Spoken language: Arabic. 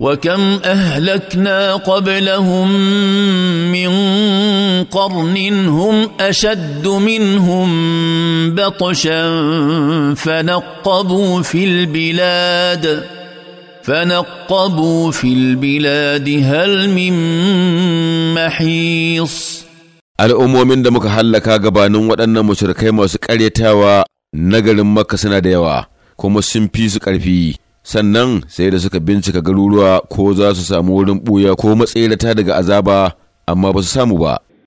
وكم أهلكنا قبلهم من قرن هم أشد منهم بطشا فنقبوا في البلاد فنقبوا في البلاد هل من محيص الأمو من دمك هلكا قبانا وأن مشركي موسك أليتاوا نقل ديوا كومو سمبيزك ألفيه sannan sai da suka bincika garuruwa ko za su samu wurin ɓuya ko matsirata daga azaba amma ba su samu ba